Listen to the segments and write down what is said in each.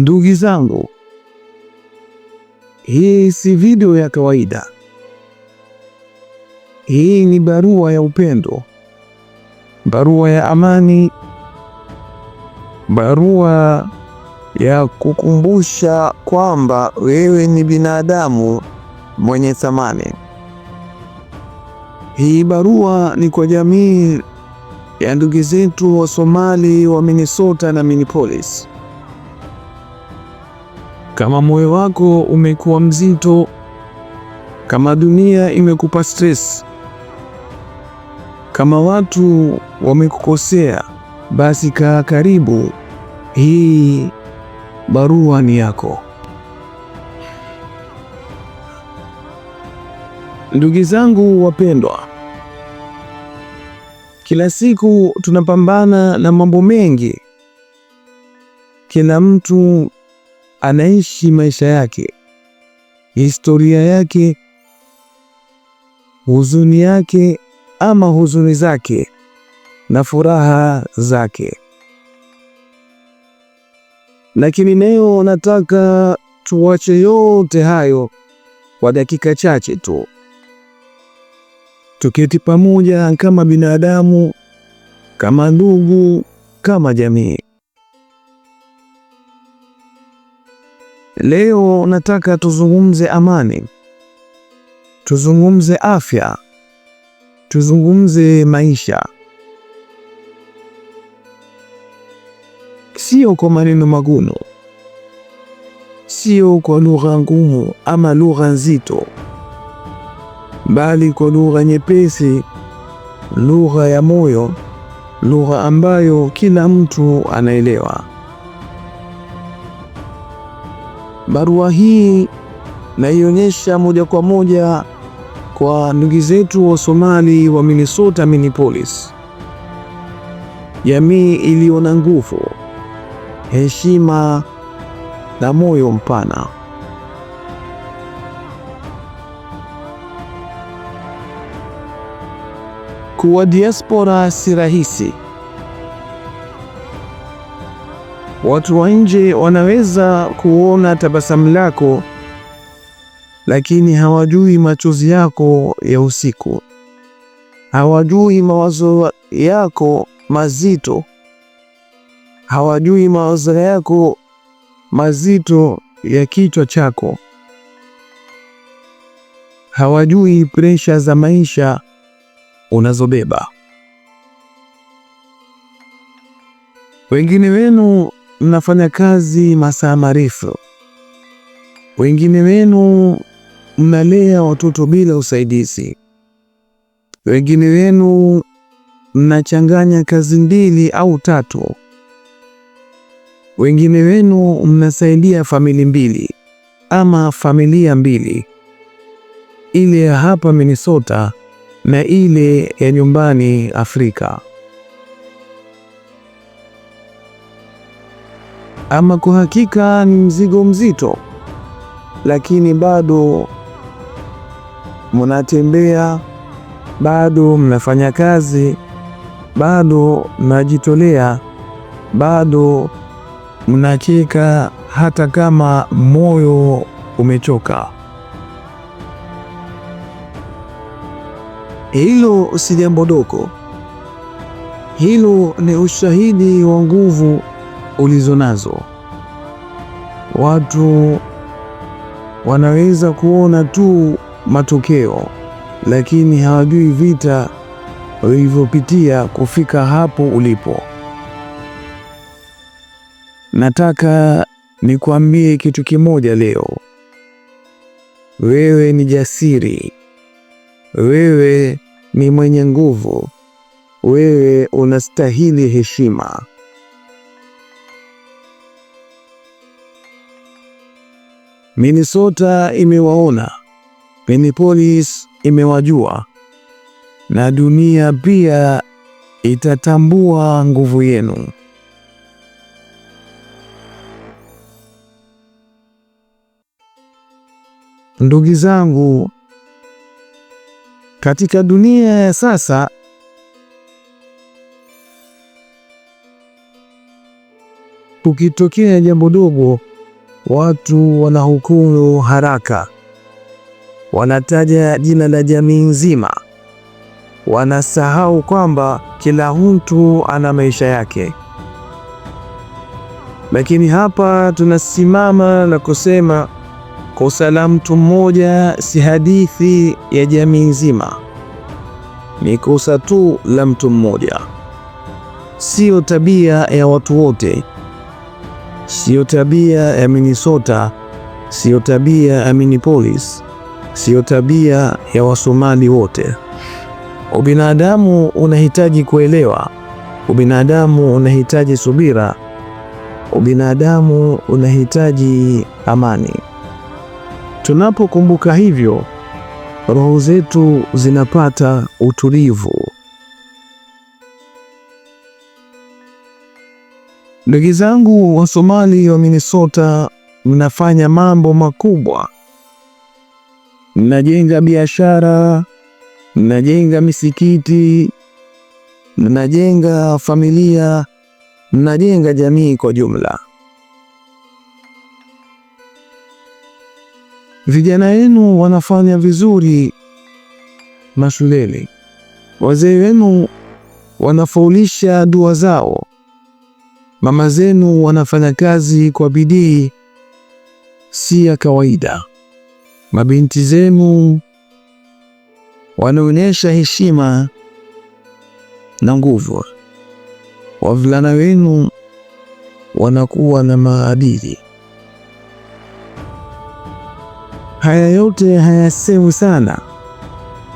Ndugu zangu, hii si video ya kawaida. Hii ni barua ya upendo, barua ya amani, barua ya kukumbusha kwamba wewe ni binadamu mwenye thamani. Hii barua ni kwa jamii ya ndugu zetu wa Somali wa Minnesota na Minneapolis. Kama moyo wako umekuwa mzito, kama dunia imekupa stress, kama watu wamekukosea, basi kaa karibu. Hii barua ni yako. Ndugu zangu wapendwa, kila siku tunapambana na mambo mengi, kila mtu anaishi maisha yake, historia yake, huzuni yake ama huzuni zake na furaha zake. Lakini leo nataka tuache yote hayo kwa dakika chache tu, tuketi pamoja kama binadamu, kama ndugu, kama jamii. Leo nataka tuzungumze amani, tuzungumze afya, tuzungumze maisha, sio kwa maneno magumu, sio kwa lugha ngumu ama lugha nzito, bali kwa lugha nyepesi, lugha ya moyo, lugha ambayo kila mtu anaelewa. Barua hii naionyesha moja kwa moja kwa ndugu zetu wa Somali wa Minnesota, Minneapolis, jamii iliyo na nguvu, heshima na moyo mpana. Kuwa diaspora si rahisi. Watu wa nje wanaweza kuona tabasamu lako, lakini hawajui machozi yako ya usiku, hawajui mawazo yako mazito, hawajui mawazo yako mazito ya kichwa chako, hawajui presha za maisha unazobeba. Wengine wenu mnafanya kazi masaa marefu, wengine wenu mnalea watoto bila usaidizi, wengine wenu mnachanganya kazi mbili au tatu, wengine wenu mnasaidia famili mbili ama familia mbili, ile ya hapa Minnesota na ile ya nyumbani Afrika. Ama kwa hakika ni mzigo mzito, lakini bado mnatembea, bado mnafanya kazi, bado mnajitolea, bado mnacheka hata kama moyo umechoka. Hilo si jambo dogo, hilo ni ushahidi wa nguvu ulizonazo. Watu wanaweza kuona tu matokeo, lakini hawajui vita ulivyopitia kufika hapo ulipo. Nataka nikuambie kitu kimoja leo. Wewe ni jasiri, wewe ni mwenye nguvu, wewe unastahili heshima. Minnesota imewaona, Minneapolis imewajua, na dunia pia itatambua nguvu yenu. Ndugu zangu, katika dunia ya sasa ukitokea jambo dogo Watu wanahukumu haraka, wanataja jina la jamii nzima, wanasahau kwamba kila mtu ana maisha yake. Lakini hapa tunasimama na kusema kosa la mtu mmoja si hadithi ya jamii nzima, ni kosa tu la mtu mmoja, siyo tabia ya watu wote siyo tabia ya Minnesota, siyo tabia ya Minneapolis, siyo tabia ya Wasomali wote. Ubinadamu unahitaji kuelewa, ubinadamu unahitaji subira, ubinadamu unahitaji amani. Tunapokumbuka hivyo, roho zetu zinapata utulivu. Ndugu zangu wa Somali wa Minnesota, mnafanya mambo makubwa, mnajenga biashara, mnajenga misikiti, mnajenga familia, mnajenga jamii kwa jumla. Vijana wenu wanafanya vizuri mashuleni, wazee wenu wanafaulisha dua zao Mama zenu wanafanya kazi kwa bidii si ya kawaida. Mabinti zenu wanaonyesha heshima na nguvu. Wavulana wenu wanakuwa na maadili. Haya yote hayasemu sana,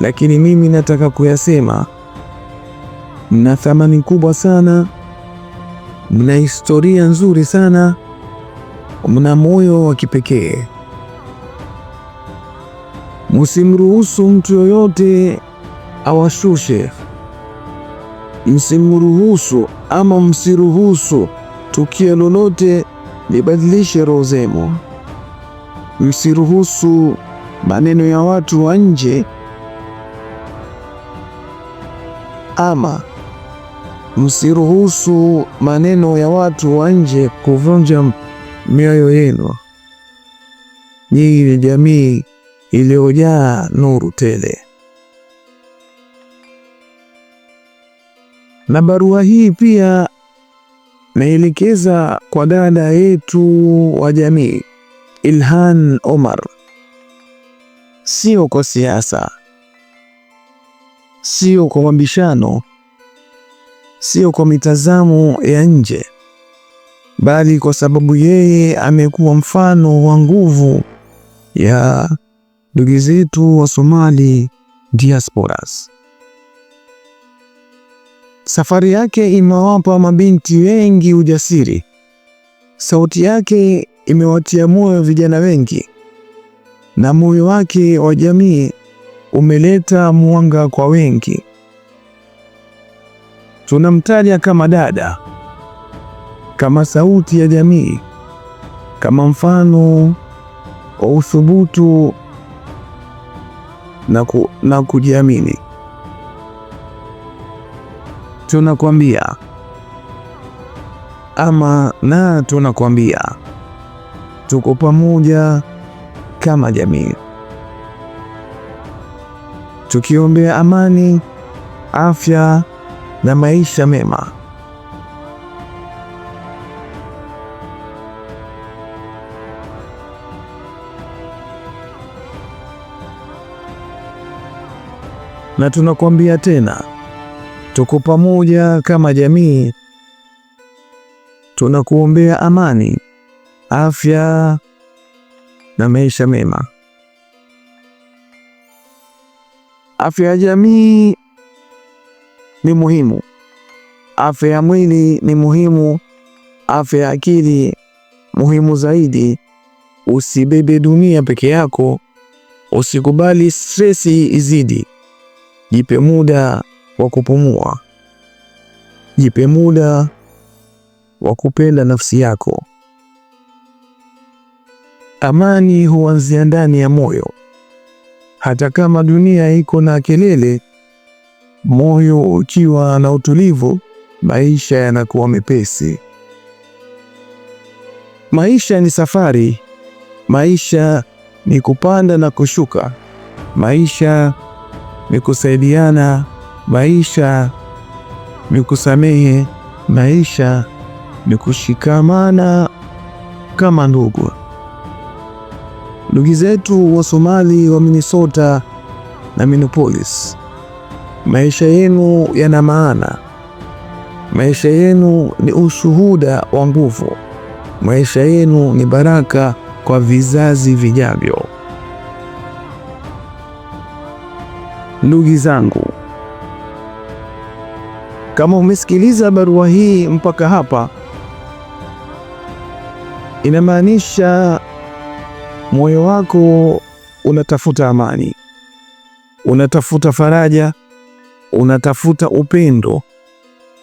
lakini mimi nataka kuyasema. Mna thamani kubwa sana mna historia nzuri sana, mna moyo wa kipekee. Msimruhusu mtu yoyote awashushe, msimruhusu ama msiruhusu tukio lolote libadilishe roho zenu. Msiruhusu maneno ya watu wa nje ama msiruhusu maneno ya watu wa nje kuvunja mioyo yenu. Nyinyi ni jamii iliyojaa nuru tele. Na barua hii pia naelekeza kwa dada yetu wa jamii Ilhan Omar, sio kwa siasa, sio kwa mabishano sio kwa mitazamo ya nje, bali kwa sababu yeye amekuwa mfano wa nguvu ya ndugu zetu wa Somali diasporas. Safari yake imewapa mabinti wengi ujasiri. Sauti yake imewatia moyo vijana wengi, na moyo wake wa jamii umeleta mwanga kwa wengi tunamtaja kama dada, kama sauti ya jamii, kama mfano wa uthubutu na, ku, na kujiamini. Tunakwambia ama na tunakwambia tuko pamoja kama jamii, tukiombea amani, afya na maisha mema. Na tunakuambia tena, tuko pamoja kama jamii, tunakuombea amani, afya na maisha mema. Afya ya jamii ni muhimu, afya ya mwili ni muhimu, afya ya akili muhimu zaidi. Usibebe dunia peke yako, usikubali stresi izidi. Jipe muda wa kupumua, jipe muda wa kupenda nafsi yako. Amani huanzia ndani ya moyo. Hata kama dunia iko na kelele Moyo ukiwa na utulivu, maisha yanakuwa mepesi. Maisha ni safari, maisha ni kupanda na kushuka, maisha ni kusaidiana, maisha ni kusamehe, maisha ni kushikamana kama ndugu. Ndugu zetu wa Somali wa Minnesota na Minneapolis Maisha yenu yana maana. Maisha yenu ni ushuhuda wa nguvu. Maisha yenu ni baraka kwa vizazi vijavyo. Ndugu zangu, kama umesikiliza barua hii mpaka hapa, inamaanisha moyo wako unatafuta amani, unatafuta faraja unatafuta upendo,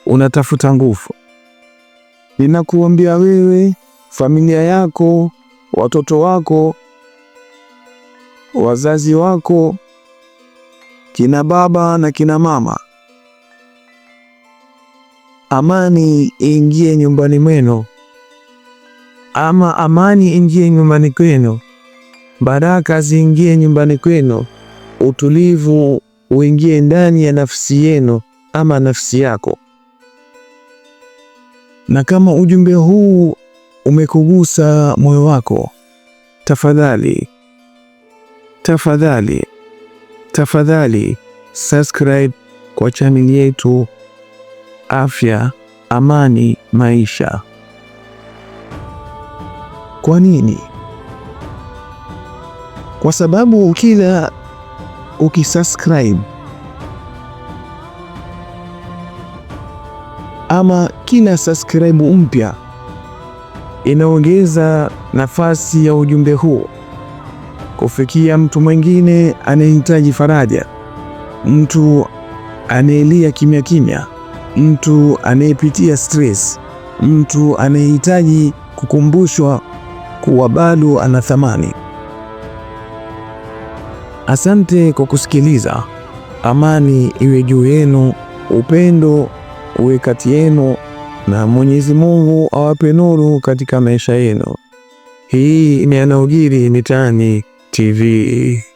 unatafuta nguvu. Ninakuambia wewe, familia yako, watoto wako, wazazi wako, kina baba na kina mama, amani ingie nyumbani mwenu, ama amani ingie nyumbani kwenu, baraka ziingie nyumbani kwenu, utulivu uingie ndani ya nafsi yenu ama nafsi yako. Na kama ujumbe huu umekugusa moyo wako, tafadhali tafadhali tafadhali subscribe kwa channel yetu Afya Amani Maisha. Kwa nini? Kwa sababu kila ukisubscribe. Ama kila subscribe mpya inaongeza nafasi ya ujumbe huo kufikia mtu mwingine anayehitaji faraja, mtu anayelia kimya kimya, mtu anayepitia stress, mtu anayehitaji kukumbushwa kuwa bado ana thamani. Asante kwa kusikiliza. Amani iwe juu yenu, upendo uwe kati yenu, na Mwenyezi Mungu awape nuru katika maisha yenu. Hii ni yanayojiri mitaani TV.